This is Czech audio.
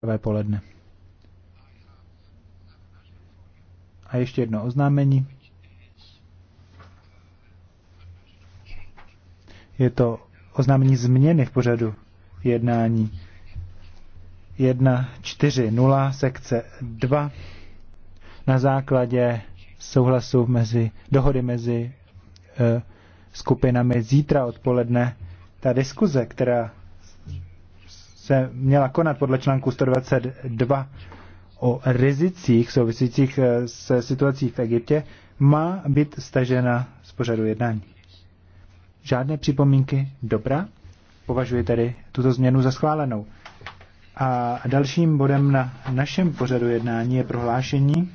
prvé poledne. A ještě jedno oznámení. Je to oznámení změny v pořadu jednání 1.4.0 sekce 2 na základě souhlasu mezi, dohody mezi e, skupinami zítra odpoledne. Ta diskuze, která se měla konat podle článku 122 o rizicích souvisících eh, se situací v Egyptě, má být stažena z pořadu jednání. Žádné připomínky? Dobrá. Považuji tedy tuto změnu za schválenou. A dalším bodem na našem pořadu jednání je prohlášení